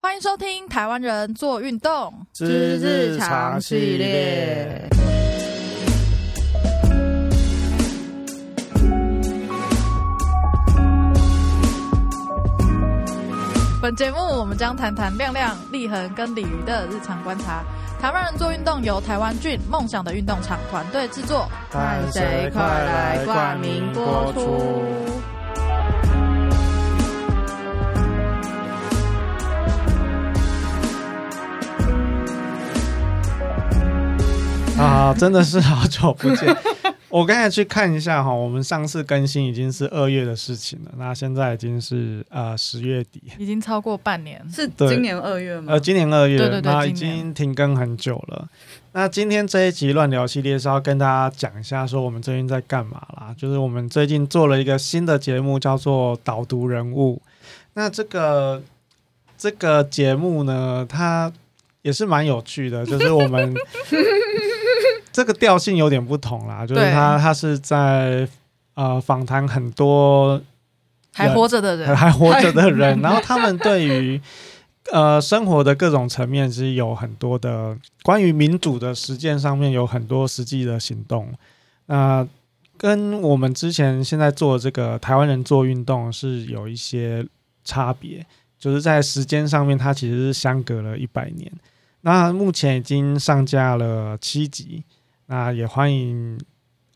歡迎收聽《台灣人做運動之日常系列》。本節目我們將談談亮亮、立恆跟鯉魚的日常觀察。台灣人做運動由台灣菌夢想的運動場團隊制作。看誰快來冠名播出。啊，真的是好久不見！ 我剛才去看一下哈，我們上次更新已經是二月的事情了，那現在已經是呃十月底，已經超過半年，對是今年二月嗎？呃，今年二月，對對對，已經停更很久了。今年那今天這一集亂聊系列是要跟大家講一下，說我們最近在幹嘛啦？就是我們最近做了一個新的節目，叫做島讀人物。那這個這個節目呢，它也是蠻有趣的，就是我們。 這個調性有點不同啦，就是他他是在呃訪談很多還活着的人，還活着的人， 然後他們對於呃生活的各種層面其實有很多的關於民主的實踐上面有很多實際的行動。那、呃、跟我們之前現在做這個台灣人做運動是有一些差別，就是在時間上面它其實是相隔了一百年。那目前已經上架了七集。那也歡迎，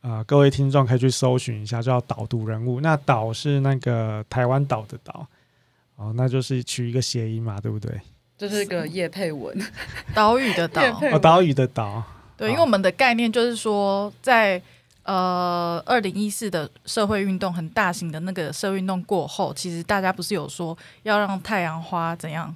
啊、呃，各位聽眾可以去搜尋一下，叫“島讀人物”。那“島”是那個台灣島的“島”，哦，那就是取一個諧音嘛，對不對？就是一個業配文，島嶼的“島”， 文哦，島嶼的“島”。對，好因為我們的概念就是說，在呃二零一四的社會運動很大型的那個社會運動過後，其實大家不是有說要讓太陽花怎樣？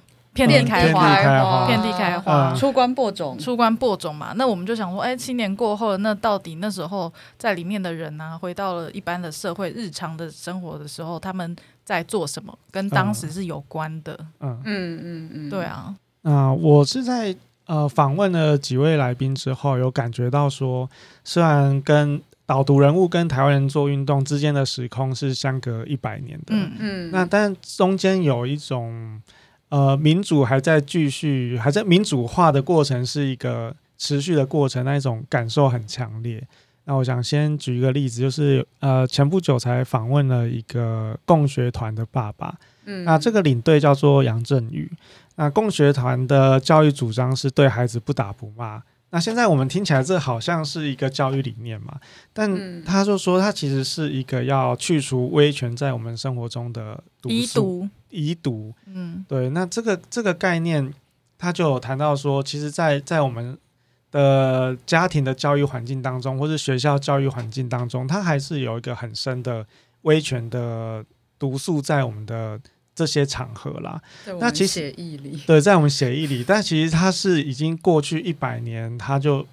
遍開花，遍地開花，嗯、出關播種，出關播種嘛。那我們就想說，哎，七年過後，那到底那時候在裡面的人呢、啊？回到了一般的社會，日常的生活的時候，他們在做什麼？跟當時是有關的。嗯嗯嗯嗯，嗯嗯嗯對啊。那、呃、我是在呃訪問了幾位來賓之後，有感覺到說，雖然跟島讀人物跟台灣人做運動之間的時空是相隔一百年的，嗯嗯，嗯那但中間有一種。呃，民主還在繼續，還在民主化的過程是一個持續的過程，那一種感受很強烈。那我想先舉一個例子，就是呃，前不久才訪問了一個共學團的爸爸，嗯，那這個領隊叫做楊振宇，那共學團的教育主張是對孩子不打不罵。那現在我們聽起來這好像是一個教育理念嘛，但他就說他其實是一個要去除威權在我們生活中的毒素。遺毒，嗯，對，那這個這個概念，他就有談到說，其實在，在在我們的家庭的教育環境當中，或者學校教育環境當中，它還是有一個很深的威權的毒素在我們的這些場合啦。在我們血液裡，那其實，對，在我們血液裡，但其實它是已經過去一百年，它就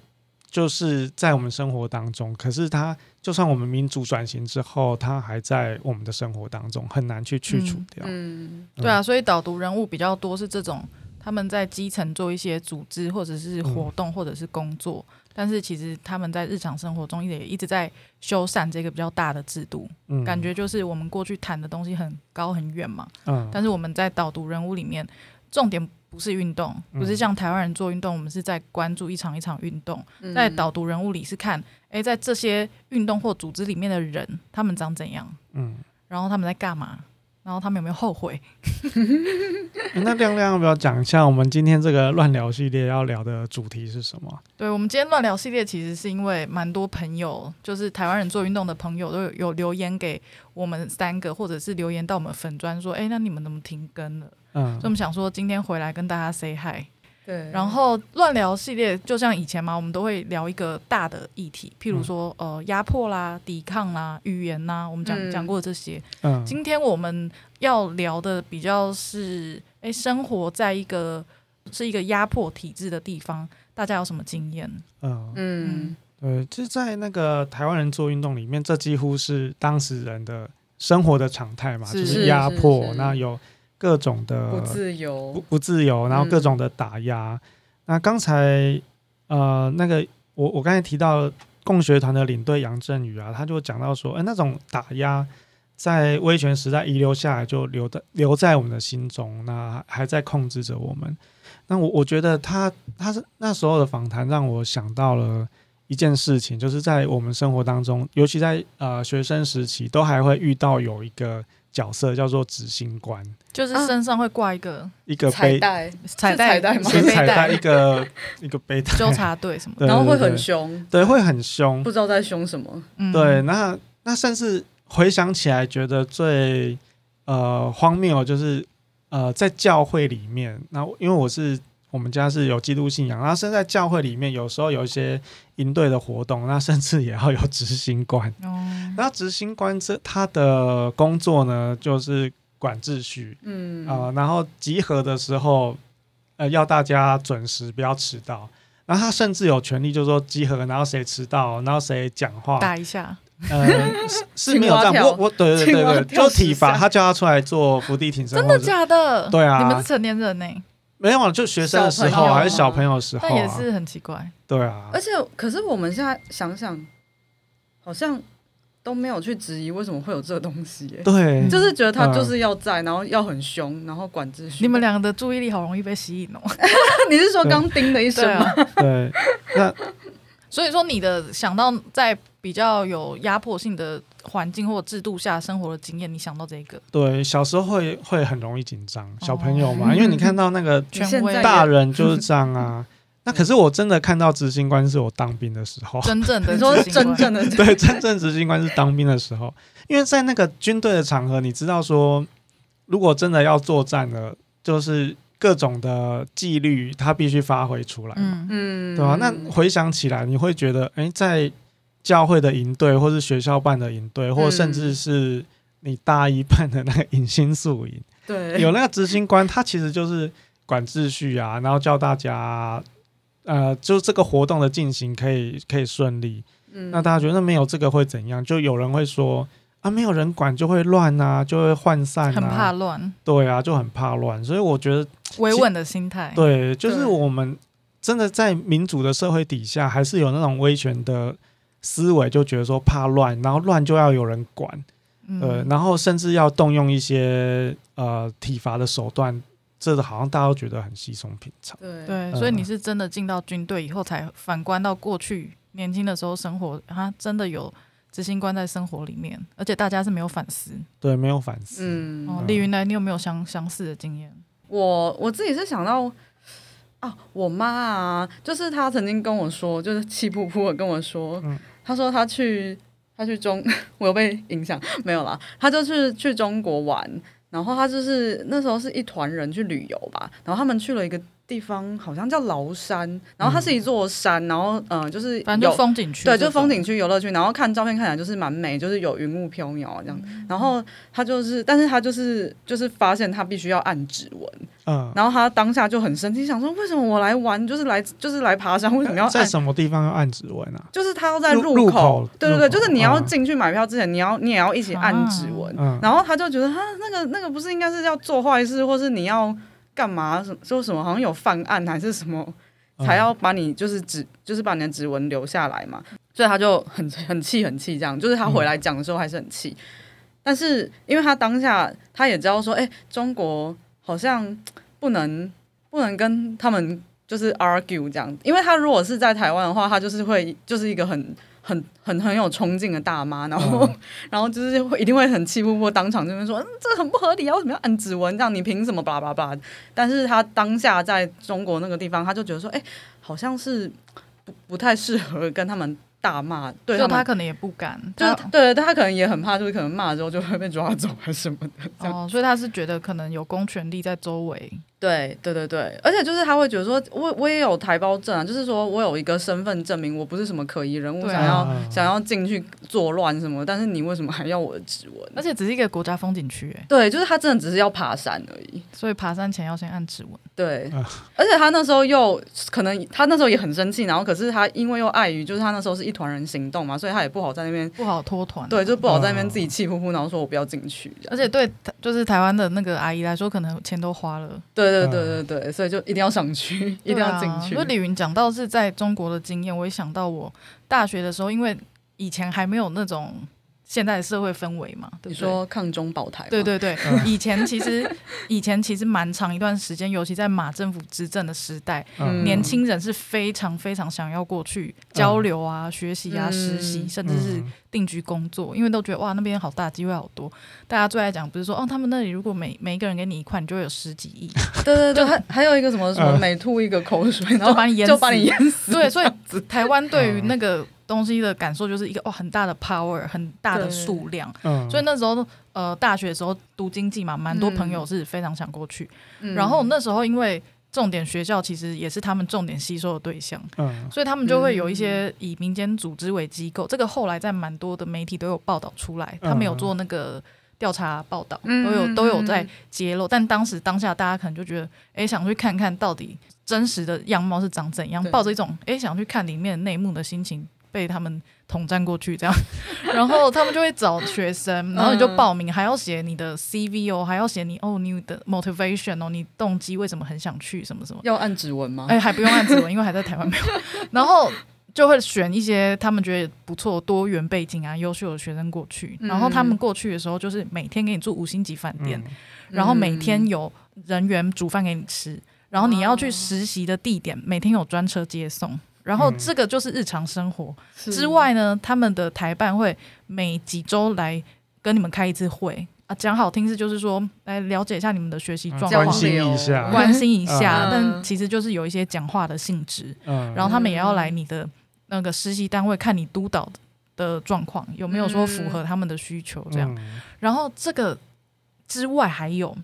就是在我們生活當中，可是它。就算我們民主轉型之後，它還在我們的生活當中，很難去去除掉。嗯嗯嗯、對啊，所以島讀人物比較多是這種，他們在基層做一些組織，或者是活動，嗯、或者是工作，但是其實他們在日常生活中也一直在修繕這個比較大的制度。嗯、感覺就是我們過去談的東西很高很遠嘛。嗯，但是我們在島讀人物裡面，重點。不是運動，不是像台灣人做運動，嗯、我們是在關注一場一場運動，嗯、在導讀人物裡是看，哎、欸，在這些運動或組織裡面的人，他們長怎樣，嗯，然後他們在幹嘛，然後他們有沒有後悔？ 欸、那亮亮要不要講一下我們今天這個亂聊系列要聊的主題是什麼？對，我們今天亂聊系列，其實是因為蠻多朋友，就是台灣人做運動的朋友都，都有留言給我們三個，或者是留言到我們粉專說，哎、欸，那你們怎麼停更了？嗯，所以我們想說，今天回來跟大家 say hi。對，然後亂聊系列就像以前嘛，我們都會聊一個大的議題，譬如說、嗯、呃，壓迫啦、抵抗啦、語言啦。我們講講、嗯、過這些。嗯，今天我們要聊的比較是，哎、欸，生活在一個是一個壓迫體制的地方，大家有什麼經驗？嗯嗯，嗯對，就在那個台灣人做運動裡面，這幾乎是當時人的生活的常態嘛，嗯、就是壓迫。是是是是那有。各種的不自由，不自由，然後各種的打壓。嗯、那剛才呃，那個我我剛才提到共學團的領隊楊振宇啊，他就講到說，哎，那種打壓在威權時代遺留下來，就留的留在我們的心中，那還在控制着我們。那我我覺得他他是那時候的訪談，讓我想到了。一件事情，就是在我們生活當中，尤其在呃學生時期，都還會遇到有一個角色叫做執行官，就是身上會掛一個、啊、一個背帶，彩帶、彩帶嗎？是彩帶，一個 一個背帶，糾察隊什麼的，對對對，然後會很凶，對，會很凶，不知道在凶什麼。嗯、對，那那甚至回想起來覺得最呃荒謬，就是呃在教會裡面，那因為我是。我們家是有基督信仰，那身在教會裡面，有時候有一些營隊的活動，那甚至也要有執行官。嗯、那執行官這他的工作呢，就是管秩序，嗯啊、呃，然後集合的時候，呃，要大家準時，不要遲到。然後他甚至有權利，就是說集合，然後誰遲到，然後誰講話打一下、呃是，是沒有這樣， 跳我我對對對對，是就體罰他，叫他出來做伏地挺身。 真的假的？對啊，你們是成年人呢、欸。沒有、啊，就學生的時候、啊啊、還是小朋友的時候、啊，但也是很奇怪。對啊。而且，可是我們現在想想，好像都沒有去質疑為什麼會有這個東西。對，就是覺得他就是要在，呃、然後要很凶，然後管製。你們兩個的注意力好容易被吸引哦。 你是說剛“叮”的一聲嗎？對。對啊、那 所以說，你的想到在。比較有壓迫性的環境或制度下生活的經驗，你想到這一個？對，小時候會會很容易緊張，哦、小朋友嘛，嗯、因為你看到那個權威大人就是這樣啊。嗯、那可是我真的看到執行官是我當兵的時候，嗯、真正的你說真正的 對，真正執行官是當兵的時候，因為在那個軍隊的場合，你知道說，如果真的要作戰了，就是各種的紀律他必須發揮出來嘛嗯，嗯，對吧？那回想起來，你會覺得哎、欸，在。教會的營隊，或是學校辦的營隊，或甚至是你大一辦的那個迎新宿營、嗯，對，有那個執行官，他其實就是管秩序啊，然後教大家，呃，就這個活動的進行可以可以順利。嗯，那大家覺得沒有這個會怎樣？就有人會說、嗯、啊，沒有人管就會亂啊，就會渙散、啊，很怕亂。對啊，就很怕亂，所以我覺得維穩的心態，對，就是我們真的在民主的社會底下，對還是有那種威權的。思維就覺得說怕亂，然後亂就要有人管，嗯、呃，然後甚至要動用一些呃體罰的手段，這個好像大家都覺得很稀鬆平常。對，呃、所以你是真的進到軍隊以後，才反觀到過去年輕的時候生活啊，他真的有執行官在生活裡面，而且大家是沒有反思。對，沒有反思。嗯，嗯李云來，你有沒有相相似的經驗？我我自己是想到，啊、我媽啊，就是她曾經跟我說，就是氣噗噗的跟我說。嗯他說他去，他去中，我有被影響沒有啦。他就去去中國玩，然後他就是那時候是一團人去旅遊吧，然後他們去了一個。地方好像叫嶗山，然後它是一座山，然後嗯、呃，就是有反正就風景區，對，就風景區、遊樂區，然後看照片看起來就是蠻美，就是有雲霧飄渺這樣。嗯、然後他就是，但是他就是就是發現他必須要按指紋嗯，然後他當下就很生氣，想說為什麼我來玩，就是來就是來爬山，為什麼要在什麼地方要按指紋呢、啊？就是他要在入口，入口對對對，入口，就是你要進去買票之前，嗯、你要你也要一起按指紋，啊、然後他就覺得他那個那個不是應該是要做壞事，或是你要。幹嘛？說什麼？好像有犯案還是什麼，才要把你就是指，嗯、就是把你的指紋留下來嘛。所以他就很很氣，很氣，這樣。就是他回來講的時候還是很氣，嗯、但是因為他當下他也知道說，哎，中國好像不能不能跟他們就是 argue 這樣，因為他如果是在台灣的話，他就是會就是一個很。很很很有衝勁的大媽，然後、嗯、然後就是會一定會很氣呼呼，當場就會說，嗯，這很不合理啊，為什麼要按指紋這樣，你憑什麼？叭叭叭！但是他當下在中國那個地方，他就覺得說，哎、欸，好像是不不太適合跟他們大罵，對。所以他可能也不敢，就是對，他可能也很怕，就是可能罵了之後就會被抓走還是什麼的。哦，所以他是覺得可能有公權力在周圍。對對對對，而且就是他會覺得說，我我也有台胞證啊，就是說我有一個身份證明，我不是什麼可疑人物，啊、我想要啊啊啊啊想要進去作亂什麼。但是你為什麼還要我的指紋？而且只是一個國家風景區，哎，對，就是他真的只是要爬山而已。所以爬山前要先按指紋。對，啊、而且他那時候又可能他那時候也很生氣，然後可是他因為又礙於就是他那時候是一團人行動嘛，所以他也不好在那邊不好脫團，啊，對，就不好在那邊自己氣呼呼，然後說我不要進去。而且對，就是台灣的那個阿姨來說，可能錢都花了。對。對，對對對對，所以就一定要上去，一定要進去。就、啊、鯉魚講到是在中國的經驗，我也想到我大學的時候，因為以前還沒有那種。現在的社會氛圍嘛，你說抗中保台？對對對，以前其實以前其實蠻長一段時間，尤其在馬政府執政的時代，年輕人是非常非常想要過去交流啊、學習啊、實習，甚至是定居工作，因為都覺得哇，那邊好大，機會好多。大家最愛講不是說哦，他們那裡如果每每一個人給你一塊，你就會有十幾億。對對對，還還有一個什麼什麼，每吐一個口水，然後把你淹，就把你淹死。對，所以台灣對於那個。東西的感受就是一個哦，很大的 power，很大的數量，對對對，嗯、所以那時候呃，大學的時候讀經濟嘛，蠻多朋友是非常想過去。嗯、然後那時候因為重點學校其實也是他們重點吸收的對象，嗯、所以他們就會有一些以民間組織為機構。嗯、這個後來在蠻多的媒體都有報道出來，嗯、他們有做那個調查報道，嗯、都有都有在揭露。嗯、但當時當下大家可能就覺得，哎、欸，想去看看到底真實的樣貌是長怎樣，抱着一種哎對、欸、想去看裡面內幕的心情。被他們統戰過去，這樣，然後他們就會找學生，然後你就報名，還要寫你的 CV 哦、喔，還要寫你哦、oh、你的 motivation 哦、喔，你動機為什麼很想去什麼什麼，要按指紋嗎？哎，還不用按指紋，因為還在台灣沒有。 然後就會選一些他們覺得不錯、多元背景啊、優秀的學生過去。然後他們過去的時候，就是每天給你住五星級飯店，然後每天有人員煮飯給你吃，然後你要去實習的地點，每天有專車接送。然後這個就是日常生活、嗯、之外呢，他們的台辦會每幾周來跟你們開一次會啊，講好聽是就是說來了解一下你們的學習狀況，啊、交流，關心一下，關，關心一下。嗯、但其實就是有一些講話的性質，嗯、然後他們也要來你的那個實習單位看你督導的狀況、嗯、有沒有說符合他們的需求這樣。嗯、然後這個之外還有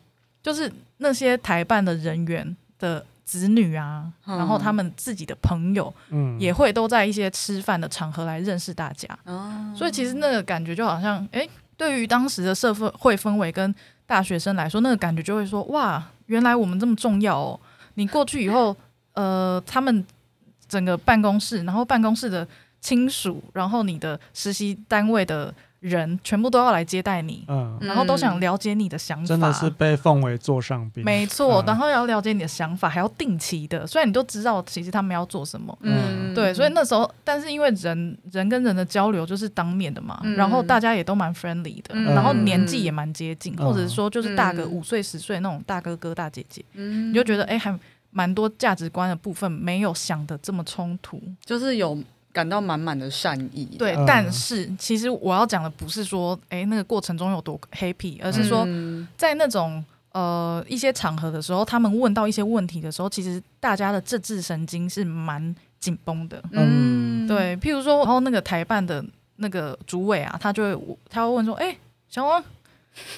就是那些台辦的人員的，子女啊，然後他們自己的朋友也會都在一些吃飯的場合來認識大家，嗯、所以其實那個感覺就好像，誒，對於當時的社會氛圍跟大學生來說，那個感覺就會說，哇，原來我們這麼重要哦！你過去以後，呃，他們整個辦公室，然後辦公室的親屬，然後你的實習單位的。人全部都要來接待你，嗯，然後都想了解你的想法，真的是被奉為座上賓，沒錯。然後要了解你的想法，還要定期的，雖然你都知道，其實他們要做什麼，嗯，對。所以那時候，但是因為人人跟人的交流就是當面的嘛，然後大家也都蠻 friendly 的，然後年紀也蠻接近，或者是說就是大個五歲十歲那種大哥哥大姐姐，你就覺得誒，還蠻多價值觀的部分沒有想得這麼衝突，就是有。感到滿滿的善意。對，嗯、但是其實我要講的不是說，哎、欸，那個過程中有多 happy，而是說，嗯、在那種呃一些場合的時候，他們問到一些問題的時候，其實大家的政治神經是蠻緊繃的。嗯，對，譬如說，然後那個台辦的那個主委啊，他就會，他會問說，哎、欸，小王。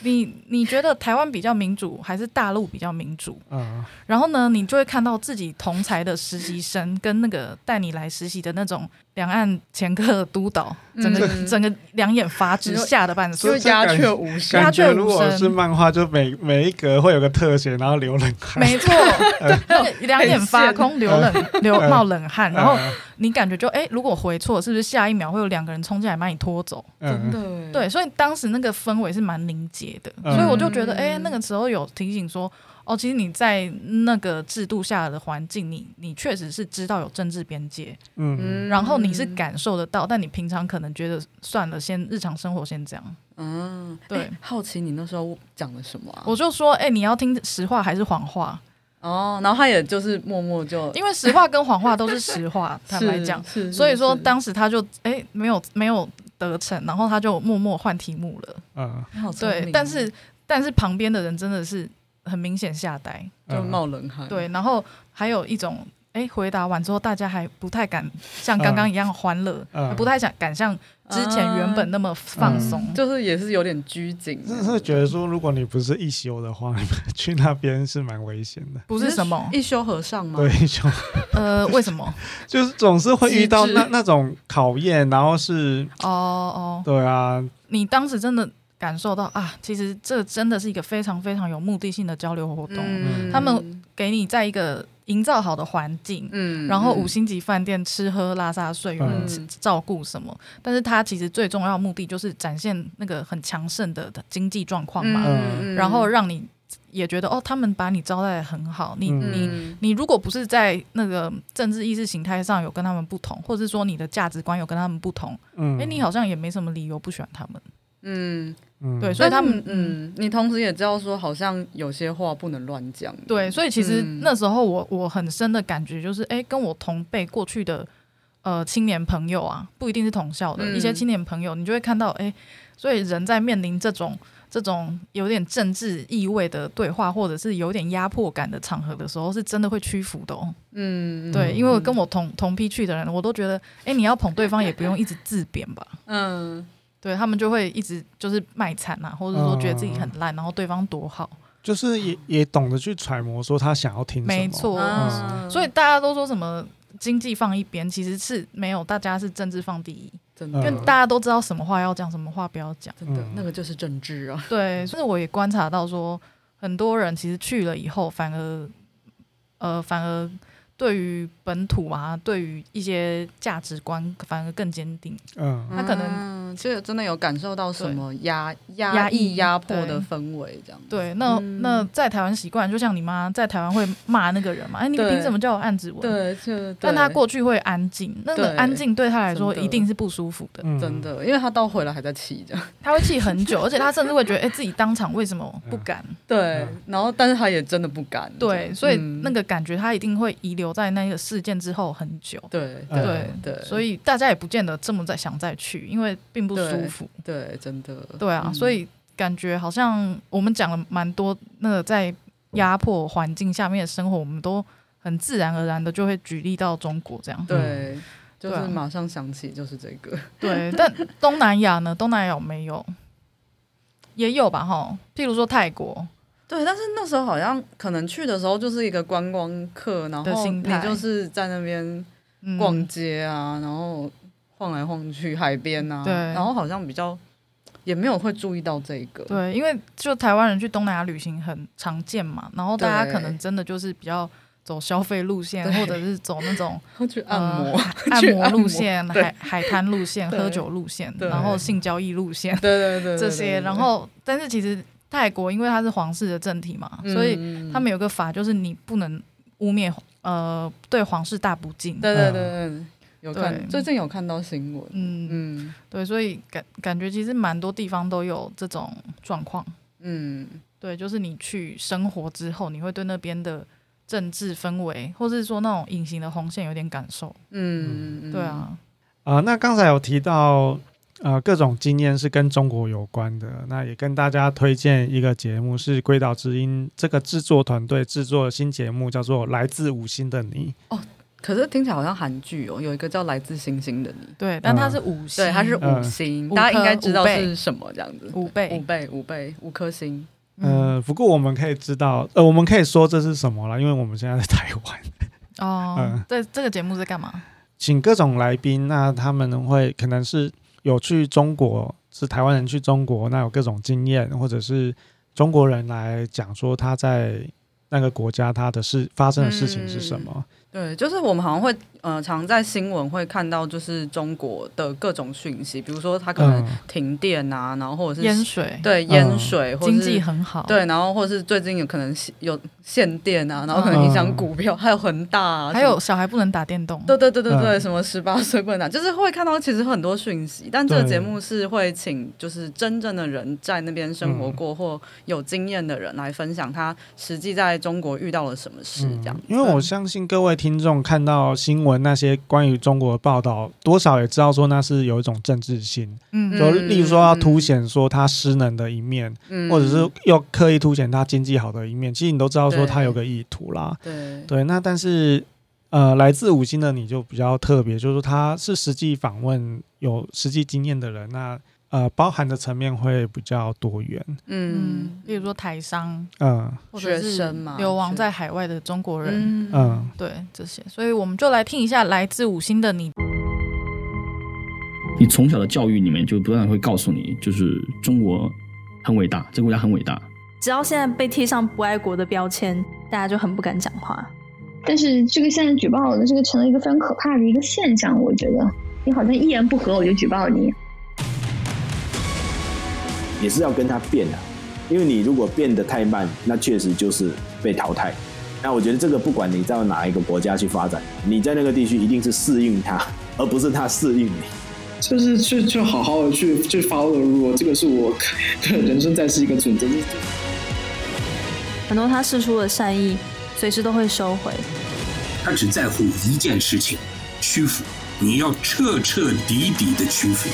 你你覺得台灣比較民主，還是大陸比較民主？嗯，然後呢，你就會看到自己同才的實習生跟那個帶你來實習的那種兩岸前客督導，整個整個兩眼發直，嚇得半死，鴉雀無聲。鴉雀無聲。如果是漫畫，就每每一格會有個特寫，然後流冷汗。沒錯，兩眼發空，流冷流冒冷汗，然後。你感覺就誒、欸，如果回錯，是不是下一秒會有兩個人衝進來把你拖走？真的、嗯，對，所以當時那個氛圍是蠻凝結的，嗯、所以我就覺得誒、欸，那個時候有提醒說，哦，其實你在那個制度下的環境，你你確實是知道有政治邊界，嗯，然後你是感受得到，嗯、但你平常可能覺得算了，先日常生活先這樣。嗯，對，嗯、欸，好奇你那時候講的什麼、啊？我就說，誒、欸，你要聽實話還是謊話？哦，然後他也就是默默就，因為實話跟謊話都是實話， 是坦白講，是是所以說當時他就哎沒有沒有得逞，然後他就默默換題目了。嗯，好對，嗯、但是但是旁邊的人真的是很明顯嚇呆，就冒冷汗。對，然後還有一種。哎、欸，回答完之後，大家還不太敢像剛剛一樣歡樂，嗯嗯、不太想敢像之前原本那麼放鬆、啊嗯嗯，就是也是有點拘謹。就是覺得說，如果你不是一休的話，去那邊是蠻危險的。不是什麼是一休和尚嗎？對，一休和。呃，為什麼？ 就是總是會遇到那那種考驗，然後是。哦哦。哦對啊，你當時真的感受到啊，其實這真的是一個非常非常有目的性的交流活動。嗯、他們給你在一個。營造好的環境，嗯，然後五星級飯店吃喝拉撒睡、嗯、照顧什麼？嗯、但是他其實最重要的目的就是展現那個很強盛的經濟狀況嘛，嗯、然後讓你也覺得哦，他們把你招待得很好，嗯、你、嗯、你你如果不是在那個政治意識形態上有跟他們不同，或者是說你的價值觀有跟他們不同，嗯，哎，你好像也沒什麼理由不喜歡他們，嗯。對，但所以他們嗯，嗯，你同時也知道說，好像有些話不能亂講。對，所以其實那時候我、嗯、我很深的感覺就是，哎、欸，跟我同輩過去的呃青年朋友啊，不一定是同校的、嗯、一些青年朋友，你就會看到，哎、欸，所以人在面臨這種這種有點政治意味的對話，或者是有點壓迫感的場合的時候，是真的會屈服的哦、喔。嗯，對，嗯、因為我跟我同同批去的人，我都覺得，哎、欸，你要捧對方，也不用一直自貶吧。嗯。對他們就會一直就是賣慘啊，或者說覺得自己很爛，嗯、然後對方多好，就是也也懂得去揣摩說他想要聽什麼。沒錯，所以大家都說什麼經濟放一邊，其實是沒有，大家是政治放第一。真的，因為大家都知道什麼話要講，什麼話不要講。真的，嗯、那個就是政治啊。對，所以我也觀察到說，很多人其實去了以後，反而呃，反而。對於本土啊，對於一些價值觀，反而更堅定。嗯，他可能其實真的有感受到什麼壓壓抑、壓迫的氛圍，這樣。對，那那在台灣習慣，就像你媽在台灣會罵那個人嘛？哎，你憑什麼叫我按指紋？對。但他過去會安靜，那個安靜對他來說一定是不舒服的。真的，因為他到回來還在氣，這樣。他會氣很久，而且他甚至會覺得，哎，自己當場為什麼不敢？對。然後，但是他也真的不敢。對，所以那個感覺他一定會遺留留在那個事件，之後很久，對對對，對對，所以大家也不見得這麼再想再去，因為並不舒服。對，對，真的。對啊，嗯、所以感覺好像我們講了蠻多那個在壓迫環境下面的生活，我們都很自然而然的就會舉例到中國這樣。對，對啊，就是馬上想起就是這個。對， 但東南亞呢？東南亞有沒有，也有吧？哈，譬如說泰國。對，但是那時候好像可能去的時候就是一個觀光客，然後你就是在那邊逛街啊，嗯、然後晃來晃去海邊啊，對，然後好像比較也沒有會注意到這個，對，因為就台灣人去東南亞旅行很常見嘛，然後大家可能真的就是比較走消費路線，對或者是走那種 去按摩、呃、按摩路線、海海灘路線、對喝酒路線，對然後性交易路線，對對對，對，這些，然後但是其實。泰國因為它是皇室的政體嘛，嗯、所以他們有個法，就是你不能污衊呃，對皇室大不敬。對、啊、對對、啊、對，有看對最近有看到新聞。嗯嗯，嗯對，所以感感覺其實蠻多地方都有這種狀況。嗯，對，就是你去生活之後，你會對那邊的政治氛圍，或是說那種隱形的紅線有點感受。嗯嗯嗯，嗯對啊。啊，那剛才有提到。呃，各種經驗是跟中國有關的。那也跟大家推薦一個節目，是《鬼島之音》這個製作團隊製作新節目，叫做《來自五星的你》。哦，可是聽起來好像韓劇哦。有一個叫《來自星星的你》，對，但它是五星，呃、對，它是五星，呃、大家應該知道是什麼這樣子。五倍，五倍，五倍，五顆星。嗯、呃，不過我們可以知道，呃，我們可以說這是什麼啦，因為我們現在在台灣。嗯、哦。對、呃，這這個節目在幹嘛？請各種來賓，那他們會可能是。有去中國，是台灣人去中國，那有各種經驗，或者是中國人來講說他在那個國家他的事，發生的事情是什麼。嗯對，就是我們好像會呃，常在新聞會看到，就是中國的各種訊息，比如說它可能停電啊，然後或者是淹水，對，淹水或者經濟很好，對，然後或者是最近有可能有限電啊，然後可能影響股票，還有恆大啊，還有小孩不能打電動，對對對對對，什麼十八歲不能打，就是會看到其實很多訊息，但這個節目是會請就是真正的人在那邊生活過或有經驗的人來分享他實際在中國遇到了什麼事這樣，因為我相信各位。聽眾看到新聞那些關於中國的報道，多少也知道說那是有一種政治性，嗯，就例如說要凸顯說他失能的一面，嗯，或者是又刻意凸顯他經濟好的一面，其實你都知道說他有個意圖啦，對對。那但是，呃，來自五星的你就比較特別，就是他是實際訪問有實際經驗的人，那。呃，包含的層面會比較多元，嗯，比如說台商，嗯，學生嘛，流亡在海外的中國人，嗯，對，這些，所以我們就來聽一下來自五星的你。你從小的教育裡面就不斷會告訴你，就是中國很偉大，這個國家很偉大。只要現在被貼上不愛國的標籤，大家就很不敢講話。但是這個現在舉報我的這個成了一個非常可怕的一個現象，我覺得你好像一言不合我就舉報你。也是要跟他變啊，因為你如果變得太慢，那確實就是被淘汰。那我覺得這個不管你在哪一個國家去發展，你在那個地區一定是適應他，而不是他適應你。就是去去好好的去去 follow，這個是我人生在世一個準則。很多他釋出的善意，隨時都會收回。他只在乎一件事情：屈服。你要徹徹底底的屈服。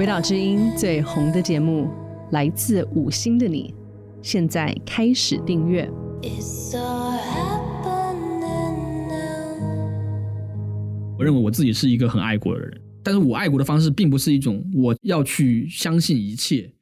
《鬼島之音》最紅的節目來自《五星的你》，現在開始訂閱。It's all happening now. 我認為我自己是一個很愛國的人，但是我愛國的方式並不是一種我要去相信一切。